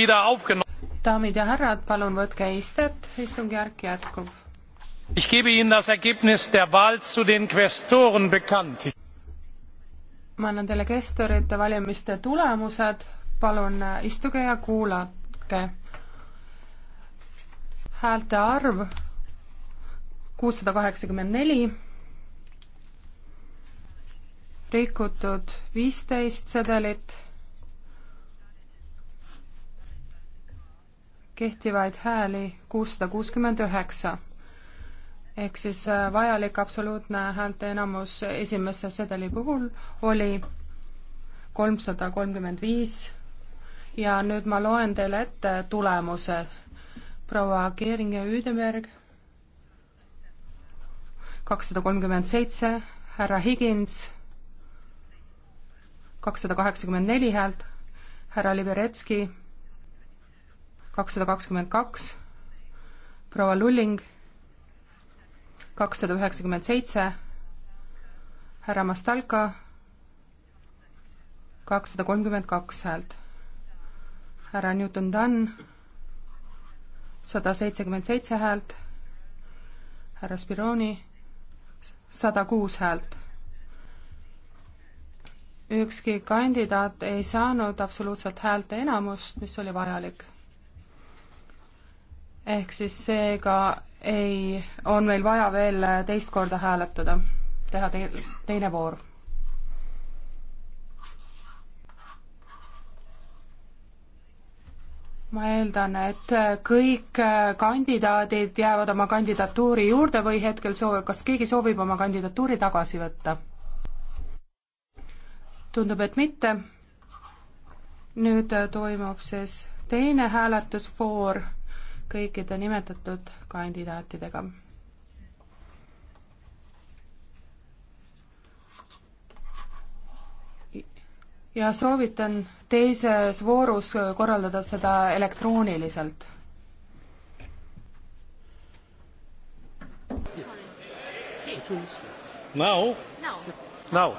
wieder aufgenommen. Daamid ja härrad, palun võtke istet, istungjärk jätkub. Ich gebe Ihnen das Ergebnis der Wahl zu den Questoren bekannt. ma annan teile kestorite valimiste tulemused, palun äh, istuge ja kuulake. häälte arv kuussada kaheksakümmend neli, rikutud viisteist sedelit kehtivaid hääli kuussada kuuskümmend üheksa. ehk siis äh, vajalik absoluutne häälteenamus esimese sedeli puhul oli kolmsada kolmkümmend viis ja nüüd ma loen teile ette tulemuse. proua Keeringe-Üüdenberg kakssada kolmkümmend seitse, härra Higins kakssada kaheksakümmend neli häält, härra Liberetski kakssada kakskümmend kaks, proua Lulling, kakssada üheksakümmend seitse, härra Mastalka, kakssada kolmkümmend kaks häält. härra Newton-Dunn, sada seitsekümmend seitse häält, härra Spironi, sada kuus häält. ükski kandidaat ei saanud absoluutselt häälte enamust, mis oli vajalik ehk siis seega ei, on meil vaja veel teist korda hääletada, teha te, teine voor. ma eeldan, et kõik kandidaadid jäävad oma kandidatuuri juurde või hetkel soov-, kas keegi soovib oma kandidatuuri tagasi võtta? tundub, et mitte. nüüd toimub siis teine hääletusvoor kõikide nimetatud kandidaatidega. ja soovitan teises voorus korraldada seda elektrooniliselt Now? Now.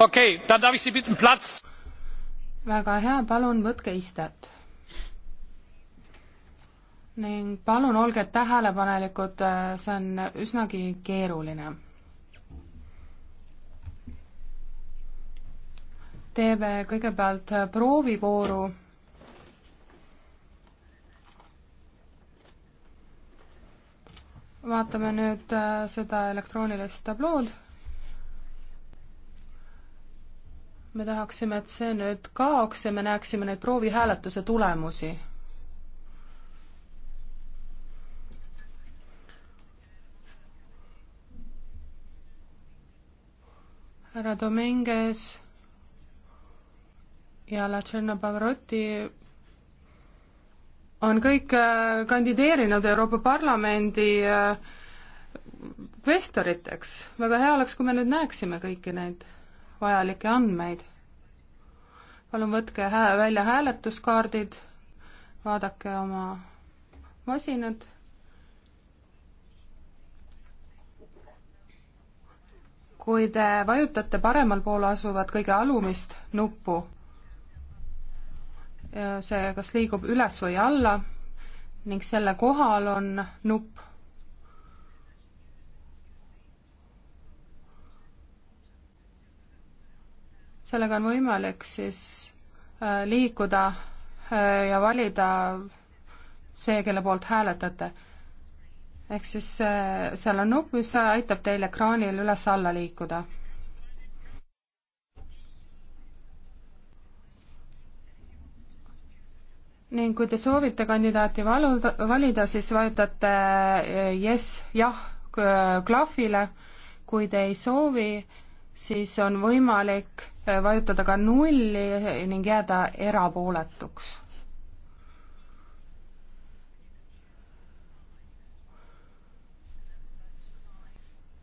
Okay, dann darf ich Sie bitten, Platz. Väga hea, palun võtke istet ning palun olge tähelepanelikud, see on üsnagi keeruline. teeme kõigepealt proovivooru. vaatame nüüd äh, seda elektroonilist tablood me tahaksime, et see nüüd kaoks ja me näeksime neid proovihääletuse tulemusi. härra Dominguez ja Lacerna Pavarotti on kõik äh, kandideerinud Euroopa Parlamendi kvestoriteks. Äh, väga hea oleks, kui me nüüd näeksime kõiki neid vajalikke andmeid. palun võtke hää-, välja hääletuskaardid, vaadake oma masinad kui te vajutate paremal pool asuvat kõige alumist nuppu, see kas liigub üles või alla ning selle kohal on nupp sellega on võimalik siis äh, liikuda äh, ja valida see, kelle poolt hääletate ehk siis äh, seal on nupp, mis aitab teil ekraanil üles-alla liikuda. ning kui te soovite kandidaati valuda, valida, siis vajutate jess, äh, jah klahvile, kui te ei soovi, siis on võimalik äh, vajutada ka nulli ning jääda erapooletuks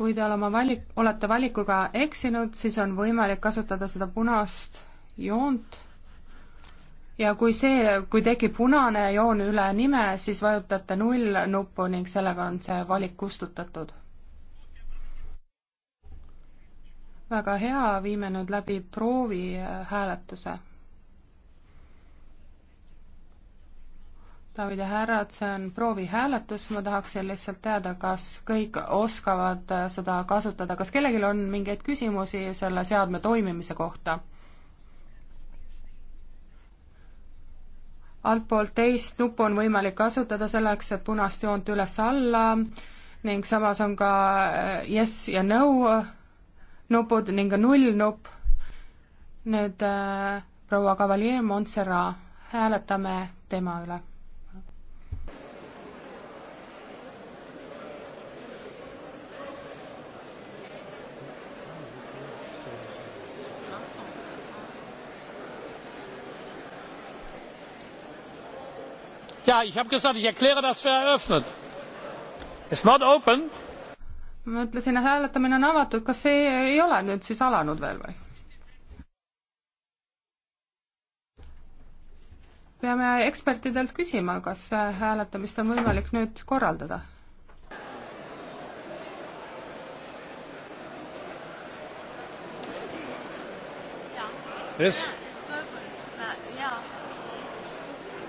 kui te oma valik, olete valikuga eksinud, siis on võimalik kasutada seda punast joont ja kui see, kui tekib punane joon üle nime, siis vajutate null nuppu ning sellega on see valik kustutatud. väga hea, viime nüüd läbi proovi äh, hääletuse daamid ja härrad, see on proovihääletus, ma tahaksin lihtsalt teada, kas kõik oskavad äh, seda kasutada, kas kellelgi on mingeid küsimusi selle seadme toimimise kohta? altpoolt teist nuppu on võimalik kasutada selleks, et punast joont üles-alla ning samas on ka äh, yes ja no äh, nupud ning ka nullnupp. nüüd äh, proua Cavalier Montserrat, hääletame tema üle Ja, ich habe gesagt, ich erkläre das für eröffnet. It's not open. ma ütlesin, hääletamine on avatud, kas see ei ole nüüd siis alanud veel või? peame ekspertidelt küsima, kas hääletamist on võimalik nüüd korraldada. Yes.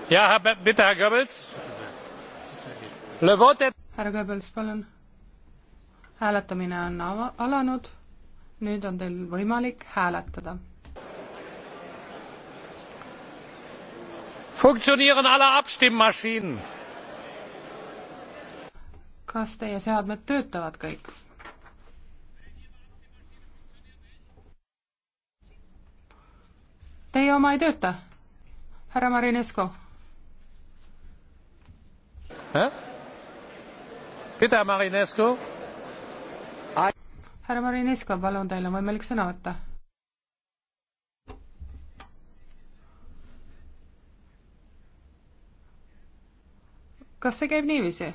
härra Goebbels, palun. hääletamine on ava-, alanud. nüüd on teil võimalik hääletada. Funktionieren alle Abstimmmaschinen? kas teie seadmed töötavad kõik? Teie oma ei tööta? härra Marinesko härra Marinescu, Marinesko, palun, teil on võimalik sõna võtta. kas see käib niiviisi?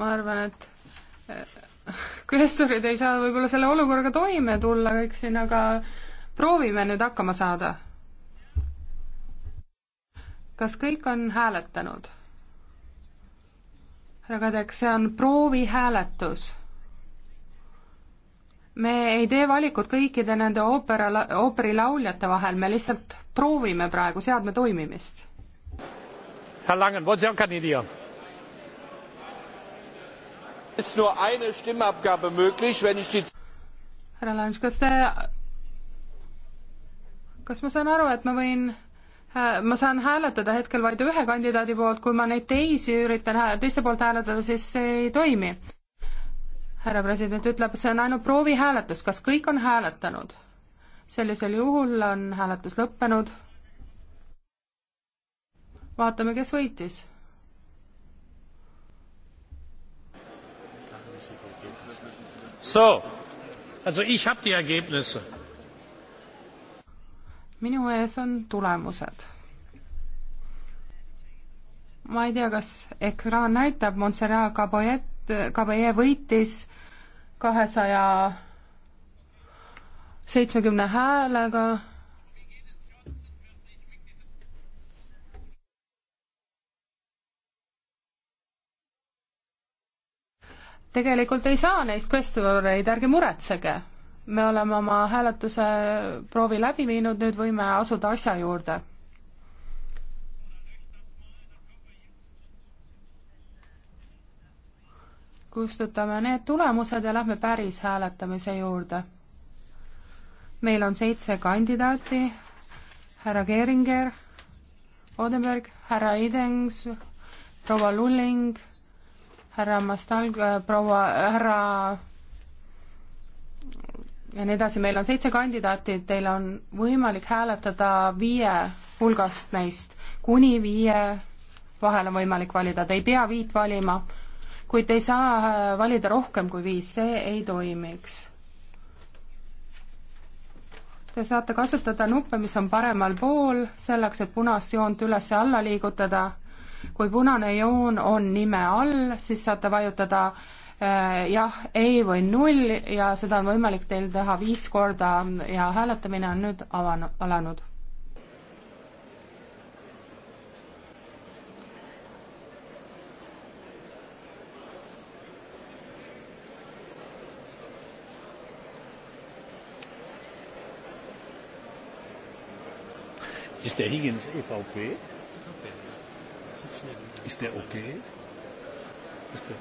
ma arvan, et kvestorid ei saa võib-olla selle olukorraga toime tulla kõik siin, aga proovime nüüd hakkama saada. kas kõik on hääletanud? härra Kadek, see on proovihääletus. me ei tee valikut kõikide nende oopera, ooperilauljate vahel, me lihtsalt proovime praegu seadme toimimist. härra Langen, võtke kandideerida ist nur eine Stimmabgabe möglich, wenn ich die härra Lange, kas te, kas ma saan aru, et ma võin, ma saan hääletada hetkel vaid ühe kandidaadi poolt, kui ma neid teisi üritan teiste poolt hääletada, siis see ei toimi? härra president ütleb, et see on ainult proovihääletus, kas kõik on hääletanud? sellisel juhul on hääletus lõppenud. vaatame, kes võitis So, also ich habe die Ergebnisse. minu ees on tulemused. ma ei tea, kas ekraan näitab, Montserrat Caballet, Caballé võitis kahesaja seitsmekümne häälega tegelikult ei saa neist kvestoreid, ärge muretsege. me oleme oma hääletuse proovi läbi viinud, nüüd võime asuda asja juurde. kustutame need tulemused ja lähme päris hääletamise juurde. meil on seitse kandidaati, härra Geringer, Odenberg, härra Idens, proua Lulling härra Mastalg, äh, proua, härra ja nii edasi, meil on seitse kandidaati, teil on võimalik hääletada viie hulgast neist, kuni viie vahel on võimalik valida, te ei pea viit valima, kuid te ei saa äh, valida rohkem kui viis, see ei toimiks. Te saate kasutada nuppe, mis on paremal pool, selleks et punast joont üles ja alla liigutada kui punane joon on nime all, siis saate vajutada eh, jah, ei või null ja seda on võimalik teil teha viis korda ja hääletamine on nüüd avanud, alanud. Ist der Higgins EVP? Ist der okay? Ist der,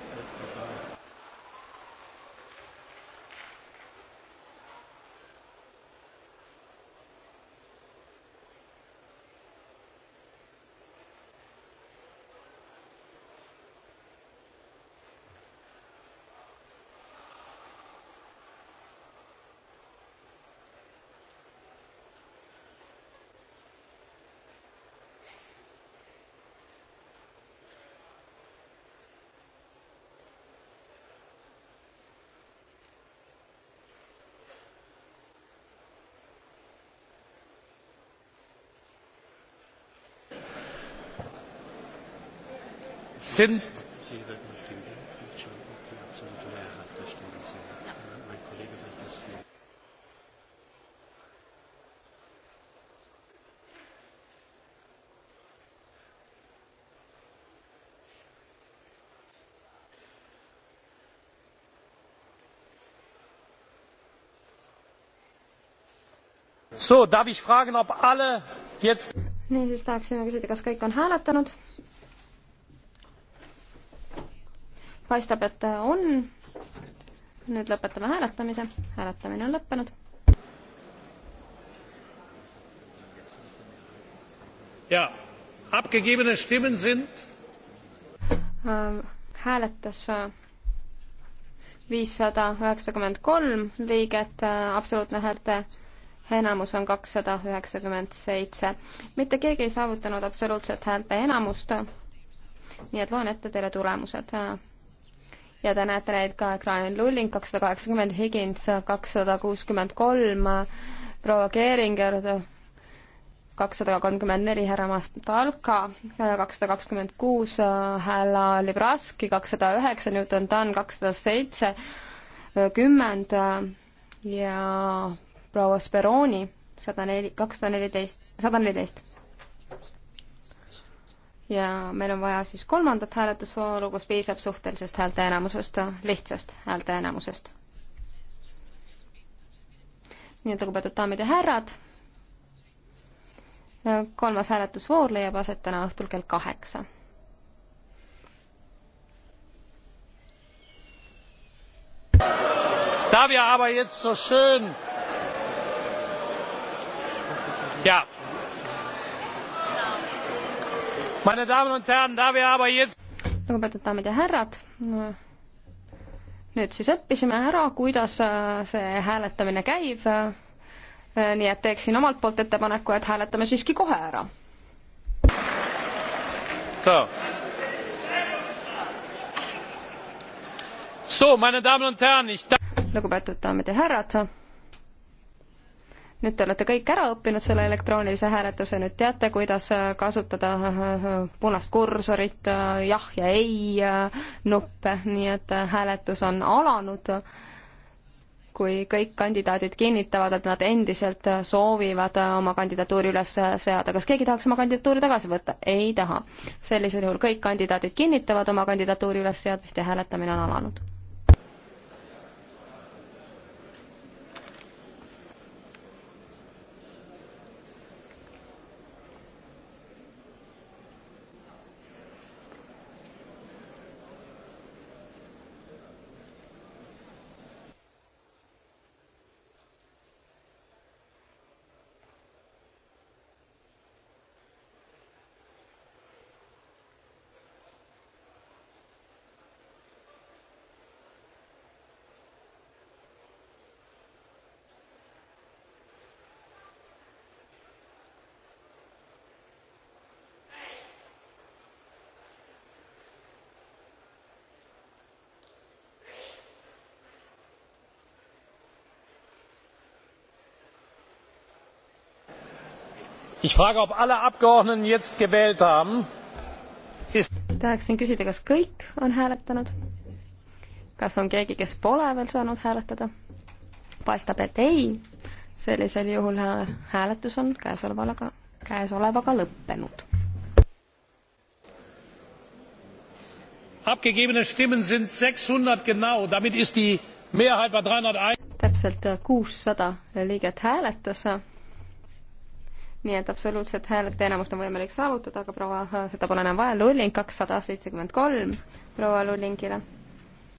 sind äh, So, darf ich fragen, ob alle jetzt... niisiis tahaksime küsida, kas kõik on hääletanud? paistab, et on. nüüd lõpetame hääletamise. hääletamine on lõppenud. ja abgegebene Stimmen sind? Äh, hääletas äh, viissada üheksakümmend kolm liiget, äh, absoluutne häälte enamus on kakssada üheksakümmend seitse. mitte keegi ei saavutanud absoluutset häälte enamust. nii et loen ette teile tulemused ja te näete neid ka Brian Lulling kakssada kaheksakümmend, Higins kakssada kuuskümmend kolm, proua Keeringer kakssada kolmkümmend neli, härra Mastalka kakssada kakskümmend kuus, härra Libraski kakssada üheksa, Newton Dunn kakssada seitse, kümmend ja proua Speroni sada neli, kakssada neliteist, sada neliteist ja meil on vaja siis kolmandat hääletusvooru, kus piisab suhtelisest häälteenamusest, lihtsast häälteenamusest. nii et lugupeetud daamid ja härrad, kolmas hääletusvoor leiab aset täna õhtul kell kaheksa. Da wir aber jetzt so schön ja lugupeetud daamid ja härrad, nüüd siis õppisime ära, kuidas äh, see hääletamine käib. Äh, nii et teeksin omalt poolt ettepaneku, et hääletame siiski kohe ära. So. So, meine Damen und Herren, ich lugupeetud daamid ja härrad nüüd te olete kõik ära õppinud selle elektroonilise hääletuse, nüüd teate, kuidas äh, kasutada äh, äh, punast kursorit, jah ja ei nuppe, nii et hääletus on alanud. kui kõik kandidaadid kinnitavad, et nad endiselt soovivad oma kandidatuuri üles seada, kas keegi tahaks oma kandidatuuri tagasi võtta? ei taha. sellisel juhul kõik kandidaadid kinnitavad oma kandidatuuri ülesseadmist ja hääletamine on alanud ich frage ob alle abgeordneten jetzt gewählt haben ist tahaksin küsida kas kõik on hääletanud kas on keegi kes pole veel saanud hääletada paistab et ei sellisel juhul hääletus on käesolevaga käesolevaga lõppenud abgegebene stimmen sind 600 genau damit ist die mehrheit bei 301 täpselt kuussada liiget hääletas nii et absoluutset häälete enamust on võimalik saavutada, aga proua, seda pole enam vaja, Lulling kakssada seitsekümmend kolm proua Lullingile